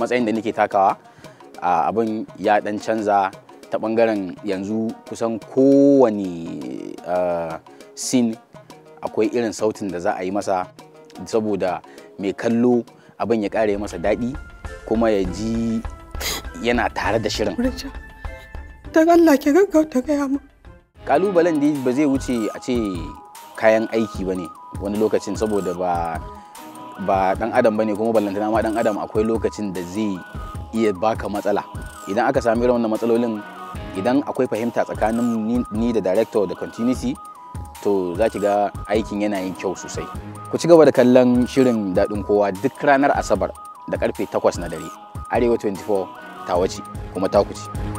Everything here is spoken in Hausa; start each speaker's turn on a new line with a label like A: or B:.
A: matsayin da nake takawa abin ya dan canza ta bangaren yanzu kusan kowane sin akwai irin sautin da za a yi masa saboda mai kallo abin ya kare masa daɗi kuma ya ji yana tare da shirin
B: don Allah ke gaggauta gaya mu.
A: Kalubalen da ba zai wuce a ce kayan aiki ba ne wani lokacin saboda ba ba dan adam ne kuma ballantana ma dan adam akwai lokacin da zai iya baka matsala idan aka sami irin wannan matsalolin idan akwai fahimta tsakanin ni da director da continuity to za ki ga aikin yana yin kyau sosai ku ci gaba da kallon shirin daɗin kowa duk ranar asabar da karfe 8
B: na dare arewa 24 ta wace kuma ta kuci.